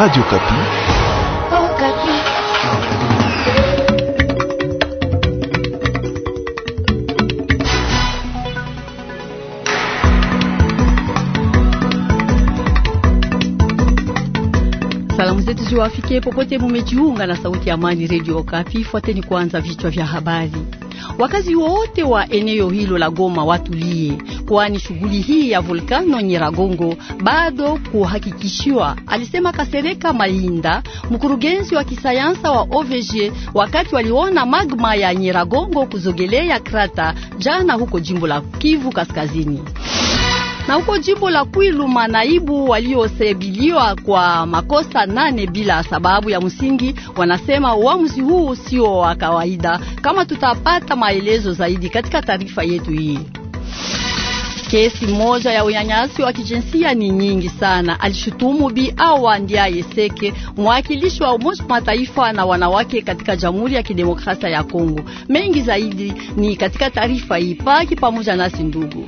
Radio Kapi. Oh, Kapi. Salamu zetu ziwafikie popote mumejiunga na sauti ya amani Radio Kapi. Fuateni kwanza vichwa vya habari. Wakazi wote wa eneo hilo la Goma watulie, kwani shughuli hii ya volkano Nyiragongo bado kuhakikishiwa, alisema Kasereka Malinda, mkurugenzi wa kisayansa wa OVG, wakati waliona magma ya Nyiragongo kuzogelea krata jana huko jimbo la Kivu Kaskazini. Na huko jimbo la Kwilu, manaibu waliosebiliwa kwa makosa nane bila sababu ya msingi wanasema uamuzi huu sio wa kawaida, kama tutapata maelezo zaidi katika taarifa yetu hii. Kesi moja ya unyanyasi wa kijinsia ni nyingi sana, alishutumu Bi Awa Ndiaye Yeseke, mwakilishi wa Umoja Mataifa na wanawake katika Jamhuri ya Kidemokrasia ya Kongo. Mengi zaidi ni katika taarifa hii, paki pamoja nasi ndugu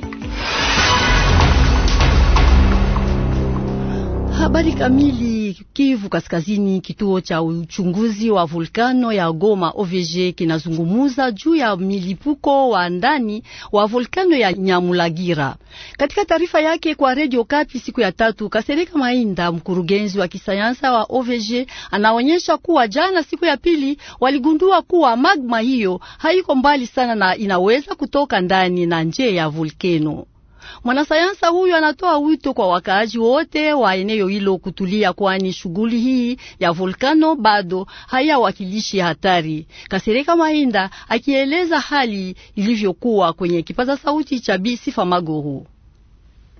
Habari kamili. Kivu Kaskazini, kituo cha uchunguzi wa volkano ya Goma OVG kinazungumuza juu ya milipuko wa ndani wa volkano ya Nyamulagira. Katika taarifa yake kwa Radio Kati siku ya tatu, Kasereka Mainda, mkurugenzi wa kisayansa wa OVG, anaonyesha kuwa jana siku ya pili waligundua kuwa magma hiyo haiko mbali sana na inaweza kutoka ndani na nje ya volkano. Mwanasayansa huyu anatoa wito kwa wakaaji wote wa eneo hilo kutulia, kwani shughuli hii ya volkano bado hayawakilishi hatari. Kasereka Mainda akieleza hali ilivyokuwa kwenye kipaza sauti cha Bisi maguru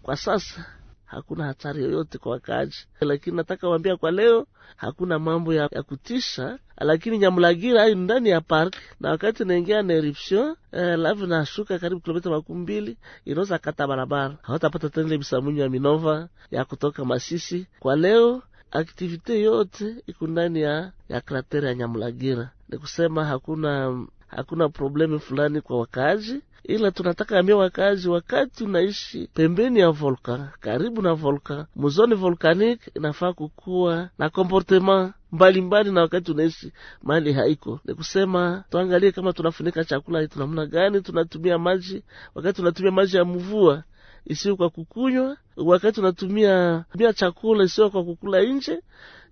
Kwa sasa hakuna hatari yoyote kwa wakaaji, lakini nataka wambia kwa leo hakuna mambo ya, ya kutisha. Lakini Nyamulagira ayi ndani ya park, na wakati naingia na eruption eh, lavu nashuka karibu kilomita makumi mbili, inaweza kata barabara, hawatapata tena ile bisamunyu ya Minova ya kutoka Masisi. Kwa leo aktivite yote iko ndani ya, ya krateri ya Nyamulagira, ni kusema hakuna hakuna problemu fulani kwa wakaaji ila tunataka ambia wakazi, wakati unaishi pembeni ya volka, karibu na volka, muzoni volkanik inafaa kukuwa na komportema mbalimbali mbali na wakati unaishi mali haiko, ni kusema tuangalie kama tunafunika chakula yetu namna gani, tunatumia maji, wakati tunatumia maji ya mvua isiyo kwa kukunywa, wakati tunatumia tumia chakula isiyo kwa kukula nje,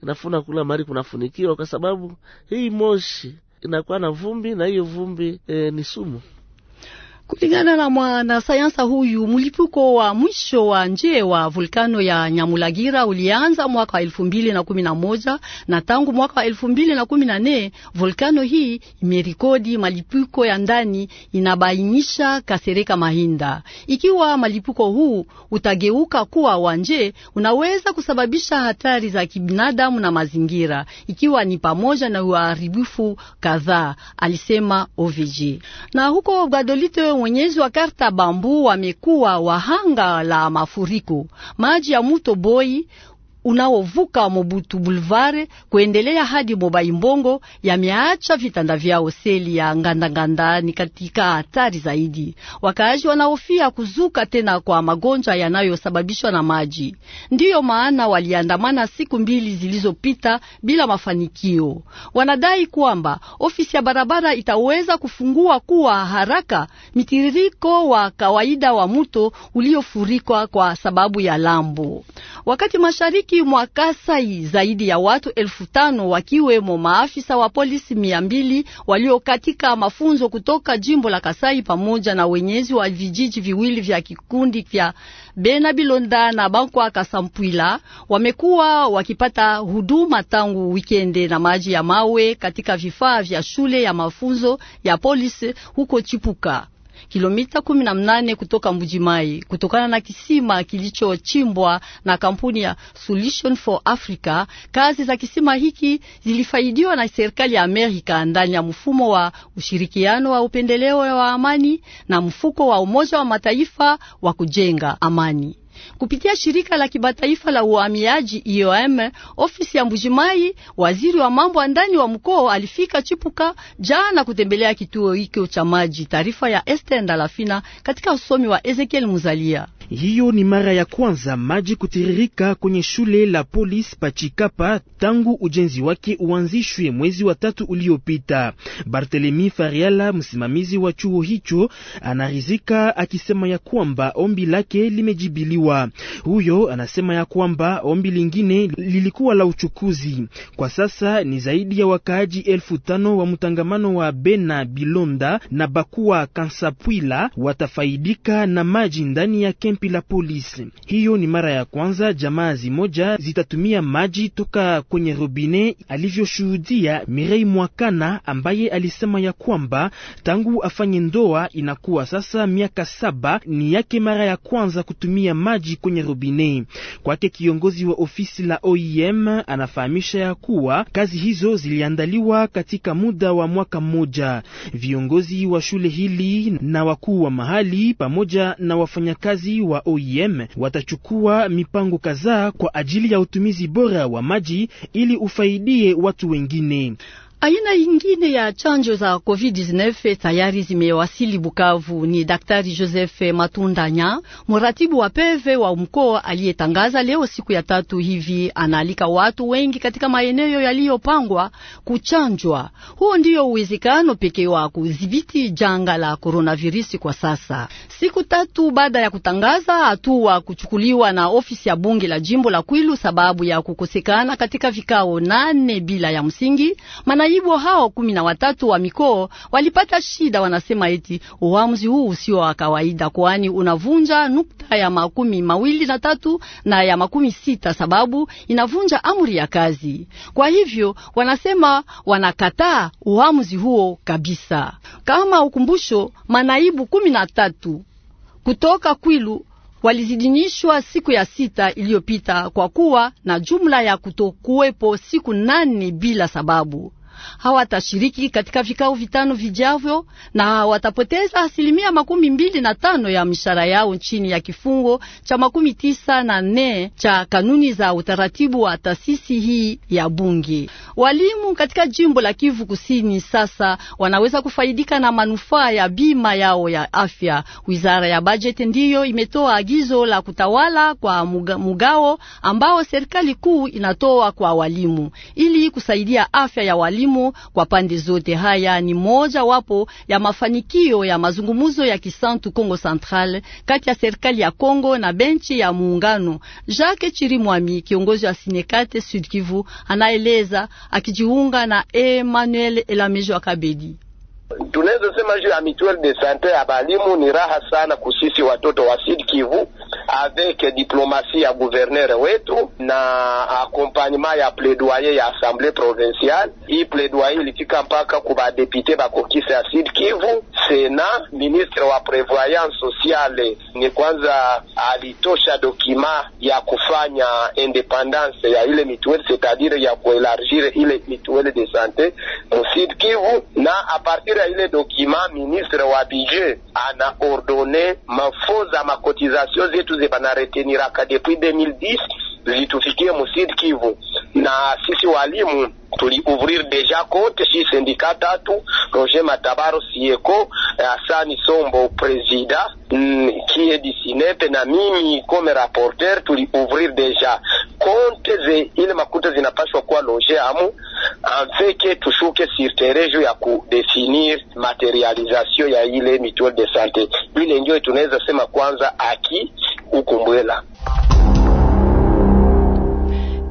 inafuna kula mali kunafunikiwa, kwa sababu hii moshi inakuwa na vumbi, na hiyo vumbi e, ni sumu. Kulingana na mwanasayansa huyu, mlipuko wa mwisho wa nje wa vulkano ya Nyamulagira ulianza mwaka wa elfu mbili na kumi na moja na tangu mwaka wa elfu mbili na kumi na nne volkano hii imerekodi malipuko ya ndani, inabainisha Kasereka Mahinda. Ikiwa malipuko huu utageuka kuwa wa nje, unaweza kusababisha hatari za kibinadamu na mazingira, ikiwa ni pamoja na uharibifu kadhaa, alisema OVG. Na huko Gadolite wenyezi wa karta Bambu wamekuwa wahanga la mafuriko. Maji ya mto Boi unaovuka Mobutu Boulevard kuendelea hadi Mobai Mbongo yameacha vitanda vyao seli ya ngandanganda, ni katika hatari zaidi. Wakaaji wanahofia kuzuka tena kwa magonjwa yanayosababishwa na maji, ndiyo maana waliandamana siku mbili zilizopita bila mafanikio. Wanadai kwamba ofisi ya barabara itaweza kufungua kuwa haraka mitiririko wa kawaida wa mto uliofurikwa kwa sababu ya lambo wakati mashariki mwa Kasai zaidi ya watu elfu tano wakiwemo maafisa wa polisi mia mbili walio katika mafunzo kutoka jimbo la Kasai pamoja na wenyezi wa vijiji viwili vya kikundi vya Bena Bilonda na Bankwa Kasampwila wamekuwa wakipata huduma tangu wikende na maji ya mawe katika vifaa vya shule ya mafunzo ya polisi huko Chipuka kilomita kumi na mnane kutoka Mbujimai kutokana na kisima kilichochimbwa na kampuni ya Solution for Africa. Kazi za kisima hiki zilifaidiwa na serikali ya Amerika ndani ya mfumo wa ushirikiano wa upendeleo wa amani na mfuko wa Umoja wa Mataifa wa kujenga amani. Kupitia shirika la kimataifa la uhamiaji IOM, ofisi ya Mbujimai, waziri wa mambo ya ndani wa mkoa alifika Chipuka jana kutembelea kituo hiki cha maji. Taarifa ya Esther Ndalafina katika usomi wa Ezekiel Muzalia. Hiyo ni mara ya kwanza maji kutiririka kwenye shule la polisi Pachikapa tangu ujenzi wake uanzishwe mwezi wa tatu uliopita. bartelemi Fariala, msimamizi wa chuo hicho, anarizika akisema ya kwamba ombi lake limejibiliwa hatua. Huyo anasema ya kwamba ombi lingine lilikuwa la uchukuzi. Kwa sasa ni zaidi ya wakaaji elfu tano wa mtangamano wa Bena Bilonda na Bakua Kansapwila watafaidika na maji ndani ya kempi la polisi. Hiyo ni mara ya kwanza jamaa zimoja zitatumia maji toka kwenye robine, alivyoshuhudia Mirei Mwakana ambaye alisema ya kwamba tangu afanye ndoa inakuwa sasa miaka saba ni yake mara ya kwanza kutumia maji maji kwenye robine. Kwake kiongozi wa ofisi la OEM anafahamisha ya kuwa kazi hizo ziliandaliwa katika muda wa mwaka mmoja. Viongozi wa shule hili na wakuu wa mahali pamoja na wafanyakazi wa OIM e watachukua mipango kadhaa kwa ajili ya utumizi bora wa maji ili ufaidie watu wengine. Aina ingine ya chanjo za COVID-19 tayari zimewasili Bukavu. Ni Daktari Joseph Matundanya, mratibu wa peve wa mkoa, aliyetangaza leo siku ya tatu hivi, anaalika watu wengi katika maeneo yaliyopangwa kuchanjwa. Huo ndiyo uwezekano pekee wa kudhibiti janga la coronavirus kwa sasa. Siku tatu baada ya kutangaza hatua kuchukuliwa na ofisi ya bunge la jimbo la Kwilu sababu ya kukosekana katika vikao nane bila ya msingi Mana manaibu hao kumi na watatu wa mikoa walipata shida. Wanasema eti uamuzi huu usio wa kawaida, kwani unavunja nukta ya makumi mawili na tatu na ya makumi sita sababu inavunja amri ya kazi. Kwa hivyo wanasema wanakataa uamuzi huo kabisa. Kama ukumbusho, manaibu kumi na tatu kutoka Kwilu walizidinishwa siku ya sita iliyopita kwa kuwa na jumla ya kutokuwepo siku nane bila sababu hawatashiriki katika vikao vitano vijavyo na watapoteza asilimia makumi mbili na tano ya mishahara yao chini ya kifungo cha makumi tisa na nne cha kanuni za utaratibu wa taasisi hii ya bunge. Walimu katika jimbo la Kivu Kusini sasa wanaweza kufaidika na manufaa ya bima yao ya afya. Wizara ya bajeti ndiyo imetoa agizo la kutawala kwa mugao ambao serikali kuu inatoa kwa walimu ili kusaidia afya ya walimu kwa pande zote. Haya ni moja wapo ya mafanikio ya mazungumzo ya Kisantu Kongo Central kati ya serikali ya Kongo na benchi ya muungano. Jacques Chirimwami, kiongozi wa Sinekate Sud Kivu, anaeleza akijiunga na Emmanuel Elamejo Akabedi tunaweza sema juu ya de sante ya balimu ni raha sana kusisi watoto wa Sud Kivu avec diplomasi ya guverner wetu na accompagnement ya plaidoyer ya assemblée provinciale. Hii plaidoyer ilifika mpaka kubadepute bakokisa ya Sud Kivu. Sena ministre wa prévoyance sociale ni kwanza alitosha dokima ya kufanya independance ya ile mituel c'est-à-dire ya kuelargir ile mituel de sante mu Sud Kivu na a partir katika ile dokima ministre wa budget et mafo za makotizasion zetu zepanareteniraka depuis 2010 zitufikie musid Kivu, na sisi walimu tuliuvrir deja kote shi sindika tatu Roger Matabaro Sieko, Hasani Sombo presida mm, Kiedi Sinepe na mimi comme rapporteur ouvrir déjà. konte ze ile makuta zinapashwa kuwa loge amu anfeke tushuke sirterejo ya kudefinir materialization ya ile mituel de sante. Ile ndio tunaweza sema kwanza aki ukumbwela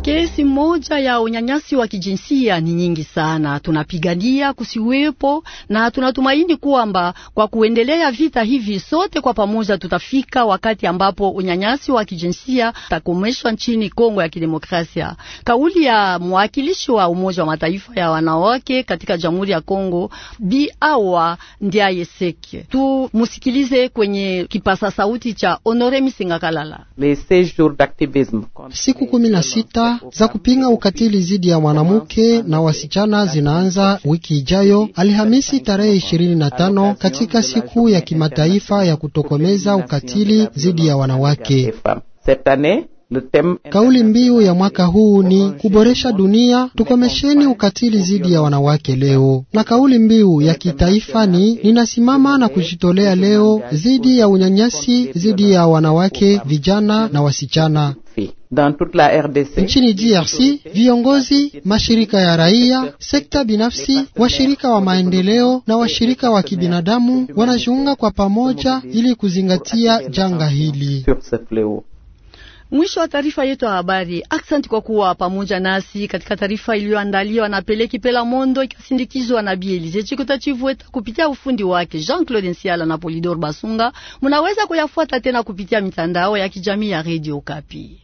Kesi moja ya unyanyasi wa kijinsia ni nyingi sana, tunapigania kusiwepo, na tunatumaini kwamba kwa kuendelea vita hivi sote kwa pamoja tutafika wakati ambapo unyanyasi wa kijinsia takomeshwa nchini Kongo ya Kidemokrasia. Kauli ya mwakilishi wa Umoja wa Mataifa ya wanawake katika Jamhuri ya Kongo, Bi Awa Ndiayeseke. Tumusikilize kwenye kipasa sauti cha Honore kalala Siku kumi na sita za kupinga ukatili dhidi ya mwanamke na wasichana zinaanza wiki ijayo Alhamisi tarehe 25 katika siku ya kimataifa ya kutokomeza ukatili dhidi ya wanawake. Kauli mbiu ya mwaka huu ni kuboresha dunia, tukomesheni ukatili dhidi ya wanawake leo, na kauli mbiu ya kitaifa ni ninasimama na kujitolea leo dhidi ya unyanyasi dhidi ya wanawake, vijana na wasichana dans toute la RDC. Nchini DRC, viongozi, mashirika ya raia, sekta binafsi, washirika wa maendeleo na washirika wa kibinadamu wanajiunga kwa pamoja ili kuzingatia janga hili. Mwisho wa taarifa yetu ya habari. Aksanti kwa kuwa pamoja nasi katika taarifa iliyoandaliwa na Peleki Pela Mondo ikasindikizwa na Bielize Chikota Chivueta kupitia ufundi wake Jean-Claude Nsiala na Polidor Basunga. Munaweza kuyafuata tena kupitia mitandao ya kijamii ya Radio Kapi.